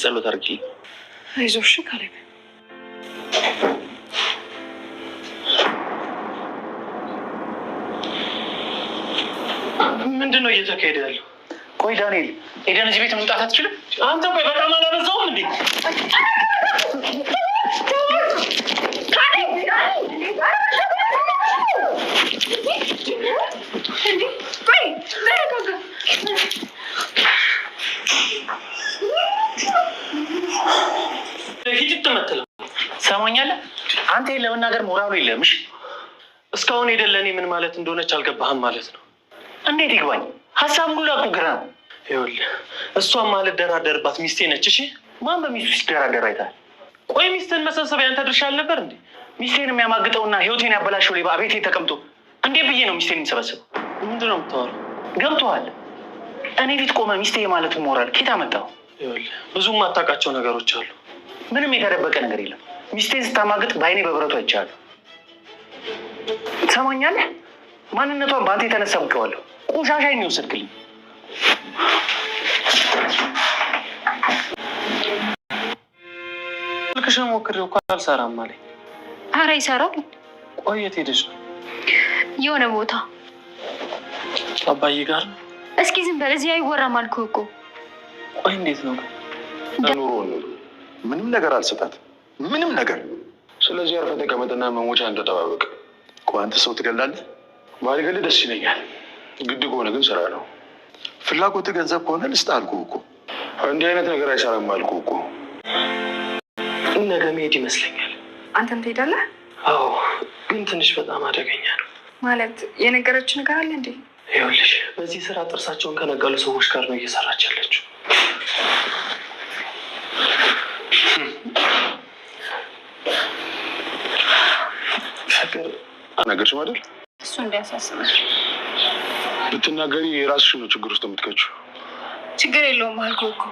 ጸሎት አድርጊ። አይዞሽ ካሌብ። ምንድን ነው እየተካሄደ ያለው? ቆይ ዳንኤል፣ ኤደን እዚህ ቤት መምጣት አትችልም። አንተ ቆይ በጣም አላበዛውም እንዴ? ትሰማኛለህ? አንተ ለመናገር ሞራሉ የለምሽ። እስካሁን ሄደን ለእኔ ምን ማለት እንደሆነች አልገባህም ማለት ነው። እንዴት ይግባኝ? ሀሳብ ሙሉ አቁ ግራ ነው። ይኸውልህ እሷን ደራደርባት ሚስቴ ነች። እሺ ማን በሚስቱ ሲደራደር አይታል? ቆይ ሚስትን መሰብሰብ ያንተ ድርሻ አልነበር እንዴ? ሚስቴን የሚያማግጠውና ህይወቴን ያበላሸው ሌባ ቤቴ ተቀምጦ እንዴ ብዬ ነው ሚስቴን የሚሰበስብ? ምንድን ነው የምታወራው? ገብቶሃል? እኔ ፊት ቆመ ሚስቴ ማለት ሞራል ኬት አመጣው? ብዙም የማታውቃቸው ነገሮች አሉ። ምንም የተደበቀ ነገር የለም። ሚስቴን ስታማግጥ በአይኔ በብረቱ አይቻሉ። ትሰማኛለህ? ማንነቷን በአንተ የተነሳ ብቀዋለሁ። ቆሻሻ የሚወስድ ግል ልክሽ ሞክር እኮ አልሰራም አለኝ። ኧረ ይሰራል። ቆይ ነው? የሆነ ቦታ አባዬ ጋር። እስኪ ዝም በል፣ እዚህ አይወራም አልኩህ እኮ። ቆይ እንዴት ነው? ኑሮ ምንም ነገር አልሰጣትም ምንም ነገር። ስለዚህ አርፈህ ተቀመጥና መሞቻ እንተጠባበቅ። ቆይ አንተ ሰው ትገላለህ? ባልገልህ ደስ ይለኛል። ግድ ከሆነ ግን ስራ ነው። ፍላጎት ገንዘብ ከሆነ ልስጥ አልኩህ እኮ። እንዲህ አይነት ነገር አይሰራም አልኩህ እኮ። ነገ መሄድ ይመስለኛል። አንተም ትሄዳለህ? አዎ፣ ግን ትንሽ በጣም አደገኛ ነው። ማለት የነገረች ነገር አለ እንዴ? ይኸውልሽ፣ በዚህ ስራ ጥርሳቸውን ከነቀሉ ሰዎች ጋር ነው እየሰራች ያለችው። ፍቅር ነገርሽው አይደል? እሱ እንዳያሳስበሽ ብትናገሪ የራስሽ ነው ችግር ውስጥ የምትከችው። ችግር የለውም አልኩህ እኮ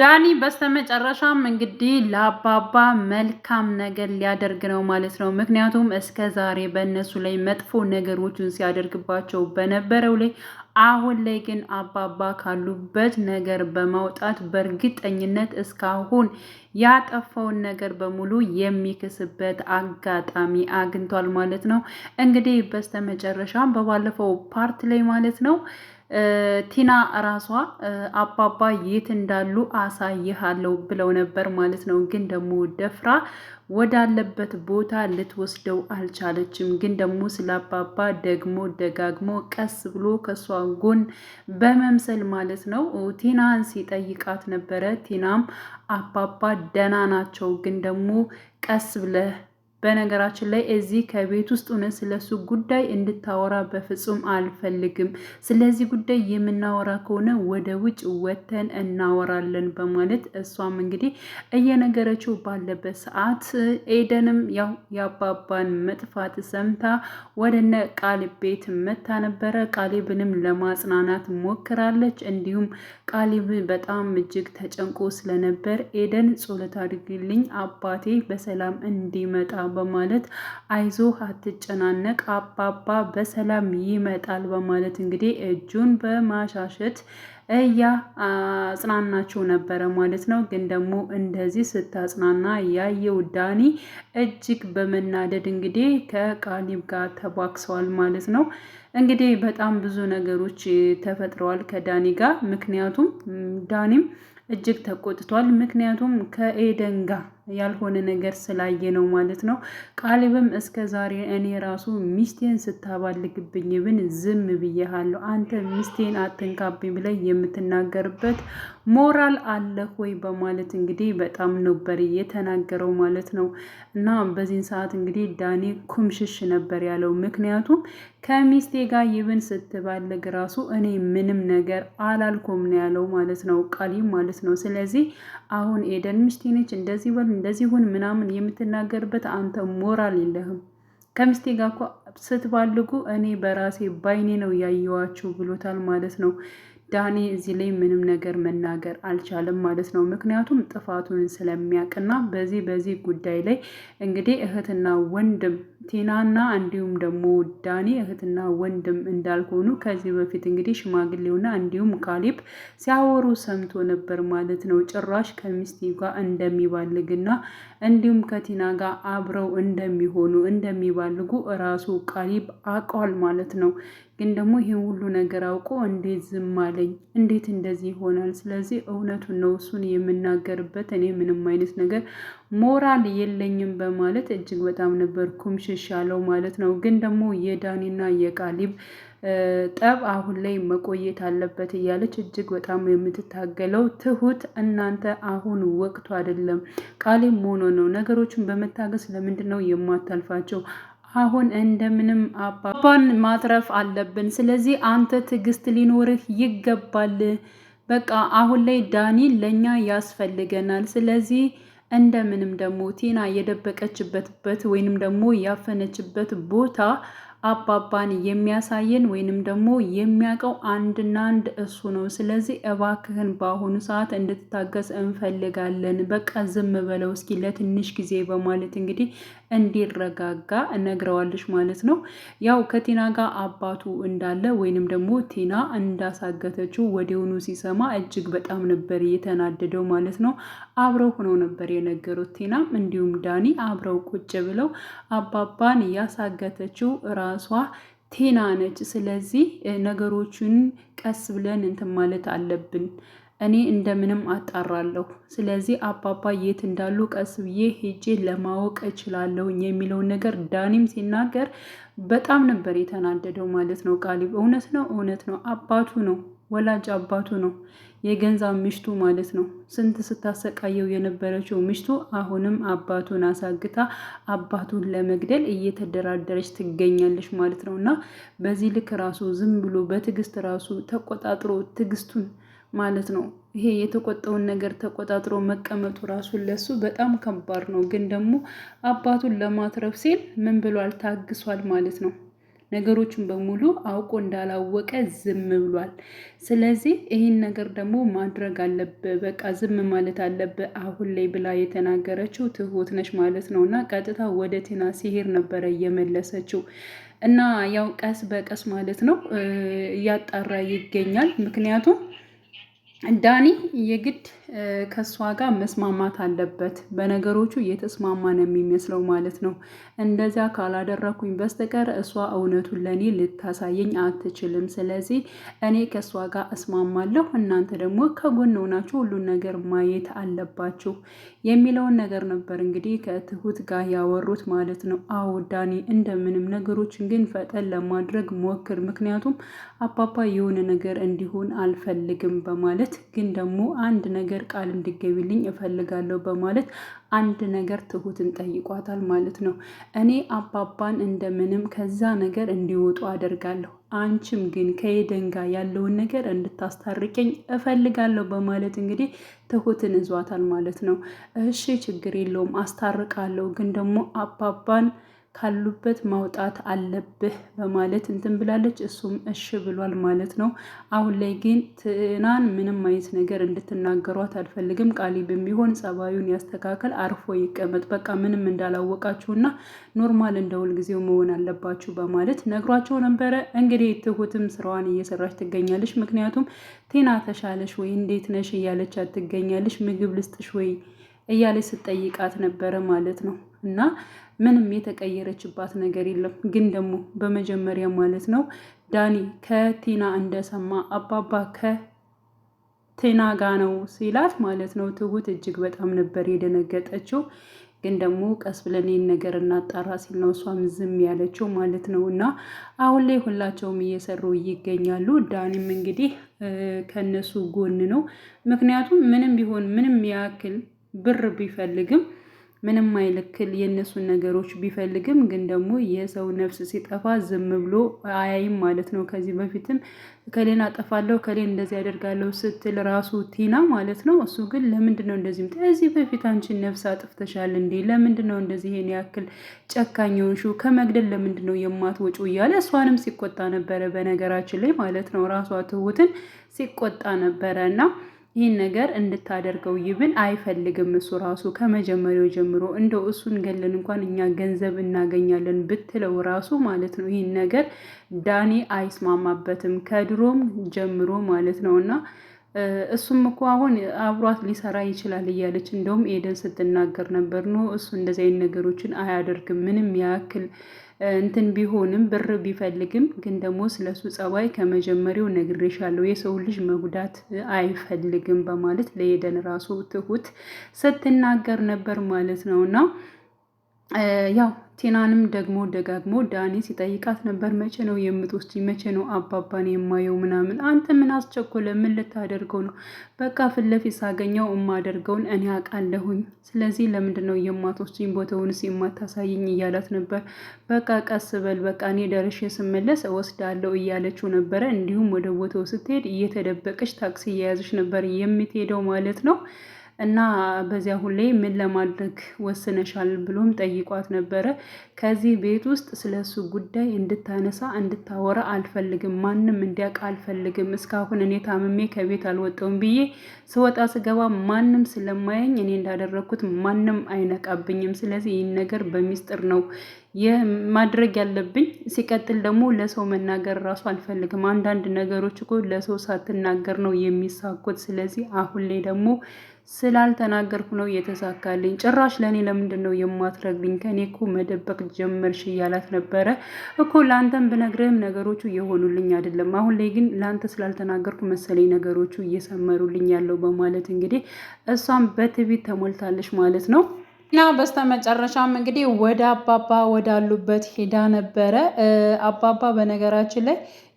ዳኒ በስተመጨረሻም እንግዲህ ለአባባ መልካም ነገር ሊያደርግ ነው ማለት ነው። ምክንያቱም እስከ ዛሬ በእነሱ ላይ መጥፎ ነገሮችን ሲያደርግባቸው በነበረው ላይ አሁን ላይ ግን አባባ ካሉበት ነገር በማውጣት በእርግጠኝነት እስካሁን ያጠፋውን ነገር በሙሉ የሚክስበት አጋጣሚ አግኝቷል ማለት ነው። እንግዲህ በስተመጨረሻም በባለፈው ፓርት ላይ ማለት ነው ቲና ራሷ አባባ የት እንዳሉ አሳይሃለሁ ብለው ነበር ማለት ነው። ግን ደግሞ ደፍራ ወዳለበት ቦታ ልትወስደው አልቻለችም። ግን ደግሞ ስለ አባባ ደግሞ ደጋግሞ ቀስ ብሎ ከእሷ ጎን በመምሰል ማለት ነው ቲናን ሲጠይቃት ነበረ። ቲናም አባባ ደህና ናቸው፣ ግን ደግሞ ቀስ ብለህ በነገራችን ላይ እዚህ ከቤት ውስጥ ሆነ ስለሱ ጉዳይ እንድታወራ በፍጹም አልፈልግም። ስለዚህ ጉዳይ የምናወራ ከሆነ ወደ ውጭ ወተን እናወራለን በማለት እሷም እንግዲህ እየነገረችው ባለበት ሰዓት ኤደንም ያው የአባባን መጥፋት ሰምታ ወደነ ቃሊብ ቤት መታ ነበረ። ቃሊብንም ለማጽናናት ሞክራለች። እንዲሁም ቃሊብ በጣም እጅግ ተጨንቆ ስለነበር ኤደን ጸሎት አድርግልኝ አባቴ በሰላም እንዲመጣ በማለት አይዞህ አትጨናነቅ፣ አባባ በሰላም ይመጣል በማለት እንግዲህ እጁን በማሻሸት እያ አጽናናቸው ነበረ ማለት ነው። ግን ደግሞ እንደዚህ ስታጽናና ያየው ዳኒ እጅግ በመናደድ እንግዲህ ከቃሊብ ጋር ተቧክሰዋል ማለት ነው። እንግዲህ በጣም ብዙ ነገሮች ተፈጥረዋል ከዳኒ ጋር። ምክንያቱም ዳኒም እጅግ ተቆጥቷል። ምክንያቱም ከኤደን ጋር ያልሆነ ነገር ስላየ ነው ማለት ነው። ቃሊብም እስከ ዛሬ እኔ ራሱ ሚስቴን ስታባልግብኝ ብን ዝም ብዬሃለሁ። አንተ ሚስቴን አትንካብኝ ብለህ የምትናገርበት ሞራል አለህ ወይ በማለት እንግዲህ በጣም ነበር የተናገረው ማለት ነው። እና በዚህን ሰዓት እንግዲህ ዳኒ ኩምሽሽ ነበር ያለው። ምክንያቱም ከሚስቴ ጋር ይብን ስትባልግ ራሱ እኔ ምንም ነገር አላልኩም ነው ያለው ማለት ነው፣ ቃሊ ማለት ነው። ስለዚህ አሁን ኤደን ሚስቴ ነች እንደዚህ በል እንደዚህ ሁን ምናምን የምትናገርበት አንተ ሞራል የለህም። ከሚስቴ ጋር እኮ ስትባልጉ እኔ በራሴ ባይኔ ነው ያየዋችሁ ብሎታል ማለት ነው። ዳኒ እዚህ ላይ ምንም ነገር መናገር አልቻለም ማለት ነው። ምክንያቱም ጥፋቱን ስለሚያውቅና በዚህ በዚህ ጉዳይ ላይ እንግዲህ እህትና ወንድም ቲናና እንዲሁም ደግሞ ዳኒ እህትና ወንድም እንዳልሆኑ ከዚህ በፊት እንግዲህ ሽማግሌውና እንዲሁም ካሊብ ሲያወሩ ሰምቶ ነበር ማለት ነው። ጭራሽ ከሚስቲ ጋር እንደሚባልግና እንዲሁም ከቲና ጋር አብረው እንደሚሆኑ እንደሚባልጉ እራሱ ካሊብ አውቋል ማለት ነው። ግን ደግሞ ይህን ሁሉ ነገር አውቆ እንዴት ዝም አለኝ? እንዴት እንደዚህ ይሆናል? ስለዚህ እውነቱን ነው እሱን የምናገርበት እኔ ምንም አይነት ነገር ሞራል የለኝም በማለት እጅግ በጣም ነበር ኩምሽሽ ያለው ማለት ነው። ግን ደግሞ የዳኒና የቃሊብ ጠብ አሁን ላይ መቆየት አለበት እያለች እጅግ በጣም የምትታገለው ትሁት፣ እናንተ አሁን ወቅቱ አይደለም፣ ቃሌም ሆኖ ነው ነገሮችን በመታገስ ለምንድን ነው የማታልፋቸው? አሁን እንደምንም አባባን ማትረፍ አለብን። ስለዚህ አንተ ትዕግስት ሊኖርህ ይገባል። በቃ አሁን ላይ ዳኒ ለእኛ ያስፈልገናል። ስለዚህ እንደምንም ደግሞ ቴና የደበቀችበትበት ወይንም ደግሞ ያፈነችበት ቦታ አባባን የሚያሳየን ወይንም ደግሞ የሚያውቀው አንድና አንድ እሱ ነው። ስለዚህ እባክህን በአሁኑ ሰዓት እንድትታገስ እንፈልጋለን። በቃ ዝም በለው እስኪ ለትንሽ ጊዜ በማለት እንግዲህ እንዲረጋጋ ነግረዋለች ማለት ነው። ያው ከቴና ጋር አባቱ እንዳለ ወይንም ደግሞ ቴና እንዳሳገተችው ወዲያውኑ ሲሰማ እጅግ በጣም ነበር እየተናደደው ማለት ነው። አብረው ሆነው ነበር የነገሩት። ቴና እንዲሁም ዳኒ አብረው ቁጭ ብለው አባባን ያሳገተችው ራሷ ቴና ነች። ስለዚህ ነገሮቹን ቀስ ብለን እንትን ማለት አለብን እኔ እንደምንም አጣራለሁ። ስለዚህ አባባ የት እንዳሉ ቀስ ብዬ ሄጄ ለማወቅ እችላለሁ የሚለውን ነገር ዳኒም ሲናገር በጣም ነበር የተናደደው ማለት ነው። ቃሊብ እውነት ነው እውነት ነው አባቱ ነው ወላጅ አባቱ ነው የገንዛ ምሽቱ ማለት ነው። ስንት ስታሰቃየው የነበረችው ምሽቱ አሁንም አባቱን አሳግታ አባቱን ለመግደል እየተደራደረች ትገኛለች ማለት ነው። እና በዚህ ልክ ራሱ ዝም ብሎ በትዕግስት ራሱ ተቆጣጥሮ ትዕግስቱን ማለት ነው። ይሄ የተቆጠውን ነገር ተቆጣጥሮ መቀመጡ ራሱ ለሱ በጣም ከባድ ነው። ግን ደግሞ አባቱን ለማትረፍ ሲል ምን ብሏል? ታግሷል ማለት ነው። ነገሮችን በሙሉ አውቆ እንዳላወቀ ዝም ብሏል። ስለዚህ ይህን ነገር ደግሞ ማድረግ አለብህ፣ በቃ ዝም ማለት አለብህ አሁን ላይ ብላ የተናገረችው ትሁት ነች ማለት ነው። እና ቀጥታ ወደ ቴና ሲሄድ ነበረ እየመለሰችው እና ያው ቀስ በቀስ ማለት ነው እያጣራ ይገኛል ምክንያቱም ዳኒ የግድ ከእሷ ጋር መስማማት አለበት። በነገሮቹ እየተስማማ ነው የሚመስለው ማለት ነው። እንደዚያ ካላደረኩኝ በስተቀር እሷ እውነቱን ለእኔ ልታሳየኝ አትችልም። ስለዚህ እኔ ከእሷ ጋር እስማማለሁ፣ እናንተ ደግሞ ከጎን ሆናችሁ ሁሉን ነገር ማየት አለባችሁ የሚለውን ነገር ነበር እንግዲህ ከትሁት ጋር ያወሩት ማለት ነው። አዎ ዳኒ፣ እንደምንም ነገሮችን ግን ፈጠን ለማድረግ ሞክር፣ ምክንያቱም አፓፓ የሆነ ነገር እንዲሆን አልፈልግም በማለት ግን ደግሞ አንድ ነገር ነገር ቃል እንዲገቢልኝ እፈልጋለሁ በማለት አንድ ነገር ትሁትን ጠይቋታል ማለት ነው። እኔ አባባን እንደምንም ከዛ ነገር እንዲወጡ አደርጋለሁ፣ አንቺም ግን ከኤደን ጋር ያለውን ነገር እንድታስታርቀኝ እፈልጋለሁ በማለት እንግዲህ ትሁትን እዟታል ማለት ነው። እሺ ችግር የለውም አስታርቃለሁ፣ ግን ደግሞ አባባን ካሉበት ማውጣት አለብህ በማለት እንትን ብላለች። እሱም እሺ ብሏል ማለት ነው። አሁን ላይ ግን ትናን ምንም አይነት ነገር እንድትናገሯት አልፈልግም። ቃሊ በሚሆን ጸባዩን ያስተካከል፣ አርፎ ይቀመጥ፣ በቃ ምንም ና ኖርማል እንደ ሁልጊዜው መሆን አለባችሁ በማለት ነግሯቸው ነበረ። እንግዲህ ትሁትም ስራዋን እየሰራች ትገኛለች። ምክንያቱም ቴና ተሻለሽ ወይ እንዴት ነሽ እያለች ትገኛለች። ምግብ ልስጥሽ ወይ እያለች ስትጠይቃት ነበረ ማለት ነው እና ምንም የተቀየረችባት ነገር የለም። ግን ደግሞ በመጀመሪያ ማለት ነው ዳኒ ከቲና እንደሰማ አባባ ከቲና ጋ ነው ሲላት ማለት ነው ትሁት እጅግ በጣም ነበር የደነገጠችው። ግን ደግሞ ቀስ ብለን ይህን ነገር እናጣራ ሲል ነው እሷም ዝም ያለችው ማለት ነው። እና አሁን ላይ ሁላቸውም እየሰሩ ይገኛሉ። ዳኒም እንግዲህ ከነሱ ጎን ነው። ምክንያቱም ምንም ቢሆን ምንም ያክል ብር ቢፈልግም ምንም አይልክል የእነሱን ነገሮች ቢፈልግም ግን ደግሞ የሰው ነፍስ ሲጠፋ ዝም ብሎ አያይም ማለት ነው። ከዚህ በፊትም ከሌን አጠፋለሁ ከሌን እንደዚህ ያደርጋለሁ ስትል ራሱ ቲና ማለት ነው። እሱ ግን ለምንድን ነው እንደዚህ ከዚህ በፊት አንቺን ነፍስ አጥፍተሻል እንዴ? ለምንድን ነው እንደዚህ ይሄን ያክል ጨካኝውን ሹ ከመግደል ለምንድን ነው የማትወጪው? እያለ እሷንም ሲቆጣ ነበረ። በነገራችን ላይ ማለት ነው ራሷ ትሁትን ሲቆጣ ነበረ እና ይህን ነገር እንድታደርገው ይብን አይፈልግም። እሱ ራሱ ከመጀመሪያው ጀምሮ እንደው እሱን ገለን እንኳን እኛ ገንዘብ እናገኛለን ብትለው ራሱ ማለት ነው ይህን ነገር ዳኒ አይስማማበትም ከድሮም ጀምሮ ማለት ነው እና እሱም እኮ አሁን አብሯት ሊሰራ ይችላል እያለች እንደውም ኤደን ስትናገር ነበር። ኖ እሱ እንደዚህ አይነት ነገሮችን አያደርግም ምንም ያክል እንትን ቢሆንም ብር ቢፈልግም ግን ደግሞ ስለሱ ጸባይ ከመጀመሪያው ነግሬሻለሁ፣ የሰው ልጅ መጉዳት አይፈልግም በማለት ለሄደን ራሱ ትሁት ስትናገር ነበር ማለት ነው እና ያው ቲናንም ደግሞ ደጋግሞ ዳኒ ሲጠይቃት ነበር። መቼ ነው የምትወስጂ? መቼ ነው አባባን የማየው? ምናምን አንተ ምን አስቸኮለ? ምን ልታደርገው ነው? በቃ ፊት ለፊት ሳገኘው የማደርገውን እኔ አውቃለሁኝ። ስለዚህ ለምንድን ነው የማትወስጂኝ? ቦታውንስ የማታሳይኝ? እያላት ነበር። በቃ ቀስ በል፣ በቃ እኔ ደርሼ ስመለስ እወስዳለሁ እያለችው ነበረ። እንዲሁም ወደ ቦታው ስትሄድ እየተደበቀች ታክሲ እየያዘች ነበር የምትሄደው ማለት ነው። እና በዚያ ሁሌ ምን ለማድረግ ወስነሻል ብሎም ጠይቋት ነበረ። ከዚህ ቤት ውስጥ ስለሱ ጉዳይ እንድታነሳ እንድታወራ አልፈልግም፣ ማንም እንዲያውቅ አልፈልግም። እስካሁን እኔ ታምሜ ከቤት አልወጣሁም ብዬ ስወጣ ስገባ ማንም ስለማየኝ እኔ እንዳደረግኩት ማንም አይነቃብኝም። ስለዚህ ይህን ነገር በሚስጥር ነው ማድረግ ያለብኝ። ሲቀጥል ደግሞ ለሰው መናገር ራሱ አልፈልግም። አንዳንድ ነገሮች እኮ ለሰው ሳትናገር ነው የሚሳኩት። ስለዚህ አሁን ላይ ደግሞ ስላልተናገርኩ ነው እየተሳካልኝ። ጭራሽ ለእኔ ለምንድን ነው የማትረግልኝ? ከእኔ እኮ መደበቅ ጀመርሽ እያላት ነበረ እኮ ለአንተም ብነግርህም ነገሮቹ እየሆኑልኝ አይደለም። አሁን ላይ ግን ለአንተ ስላልተናገርኩ መሰለኝ ነገሮቹ እየሰመሩልኝ ያለው በማለት እንግዲህ እሷም በትዕቢት ተሞልታለች ማለት ነው። እና በስተመጨረሻም እንግዲህ ወደ አባባ ወዳሉበት ሄዳ ነበረ። አባባ በነገራችን ላይ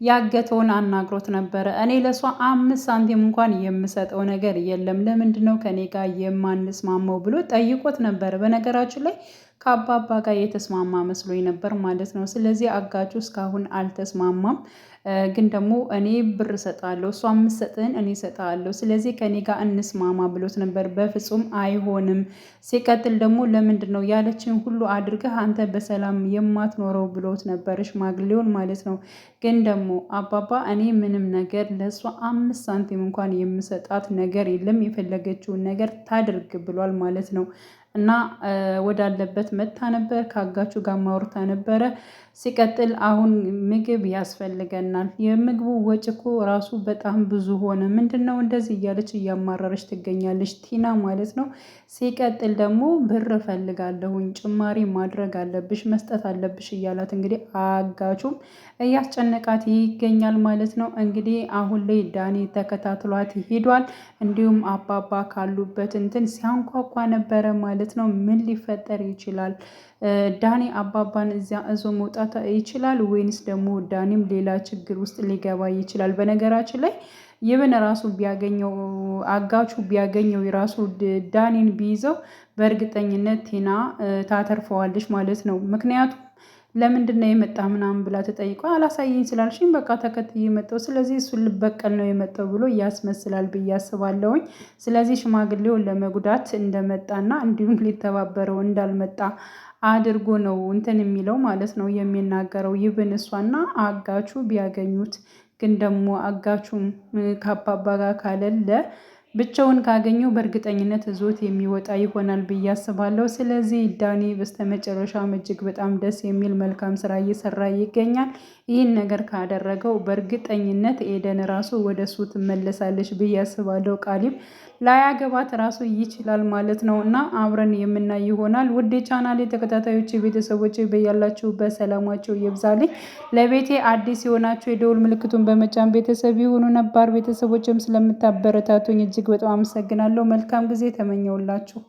ያገተውን አናግሮት ነበረ። እኔ ለእሷ አምስት ሳንቲም እንኳን የምሰጠው ነገር የለም፣ ለምንድን ነው ከኔ ጋር ብሎ ጠይቆት ነበረ። በነገራችን ላይ ከአባባ ጋር የተስማማ መስሎኝ ነበር ማለት ነው። ስለዚህ አጋቹ እስካሁን አልተስማማም። ግን ደግሞ እኔ ብር እሰጥሃለሁ፣ እሷ የምትሰጥህን እኔ እሰጥሃለሁ፣ ስለዚህ ከኔ ጋር እንስማማ ብሎት ነበር። በፍጹም አይሆንም። ሲቀጥል ደግሞ ለምንድን ነው ያለችን ሁሉ አድርገህ አንተ በሰላም የማትኖረው ብሎት ነበር ሽማግሌውን ማለት ነው። ግን ደግሞ አባባ እኔ ምንም ነገር ለእሷ አምስት ሳንቲም እንኳን የምሰጣት ነገር የለም፣ የፈለገችውን ነገር ታድርግ ብሏል ማለት ነው። እና ወዳለበት መታ ነበር። ከአጋቹ ጋር ማውርታ ነበረ። ሲቀጥል አሁን ምግብ ያስፈልገናል። የምግቡ ወጭኮ እኮ ራሱ በጣም ብዙ ሆነ። ምንድን ነው እንደዚህ እያለች እያማረረች ትገኛለች ቲና ማለት ነው። ሲቀጥል ደግሞ ብር እፈልጋለሁኝ ጭማሪ ማድረግ አለብሽ፣ መስጠት አለብሽ እያላት እንግዲህ አጋቹም እያስጨነቃት ይገኛል ማለት ነው። እንግዲህ አሁን ላይ ዳኒ ተከታትሏት ሂዷል። እንዲሁም አባባ ካሉበት እንትን ሲያንኳኳ ነበረ ማለት ነው። ምን ሊፈጠር ይችላል? ዳኒ አባባን እዚያ እዞ መውጣት ይችላል ወይንስ ደግሞ ዳኒም ሌላ ችግር ውስጥ ሊገባ ይችላል? በነገራችን ላይ ይብን ራሱ ቢያገኘው አጋቹ ቢያገኘው የራሱ ዳኒን ቢይዘው በእርግጠኝነት ቴና ታተርፈዋለች ማለት ነው። ምክንያቱም ለምንድን ነው የመጣ ምናምን ብላ ተጠይቆ አላሳየኝ ስላልሽኝ በቃ ተከትዬ የመጣው ስለዚህ እሱን ልበቀል ነው የመጣው ብሎ ያስመስላል ብዬ አስባለሁኝ። ስለዚህ ሽማግሌውን ለመጉዳት እንደመጣና እንዲሁም ሊተባበረው እንዳልመጣ አድርጎ ነው እንትን የሚለው ማለት ነው የሚናገረው። ይብን እሷና አጋቹ ቢያገኙት ግን ደግሞ አጋቹም ከአባባ ጋር ካለለ ብቻውን ካገኘው በእርግጠኝነት እዞት የሚወጣ ይሆናል ብዬ አስባለሁ። ስለዚህ ዳኒ በስተመጨረሻም እጅግ በጣም ደስ የሚል መልካም ስራ እየሰራ ይገኛል። ይህን ነገር ካደረገው በእርግጠኝነት ኤደን ራሱ ወደ እሱ ትመለሳለች ብዬ አስባለሁ። ቃሊብ ላያገባት ራሱ ይችላል ማለት ነው እና አብረን የምናይ ይሆናል። ውድ ቻናል የተከታታዮች ቤተሰቦች በያላችሁበት ሰላማቸው ይብዛልኝ። ለቤቴ አዲስ የሆናችሁ የደውል ምልክቱን በመጫን ቤተሰብ የሆኑ ነባር ቤተሰቦችም ስለምታበረታቱኝ እጅግ እጅግ በጣም አመሰግናለሁ። መልካም ጊዜ ተመኘውላችሁ።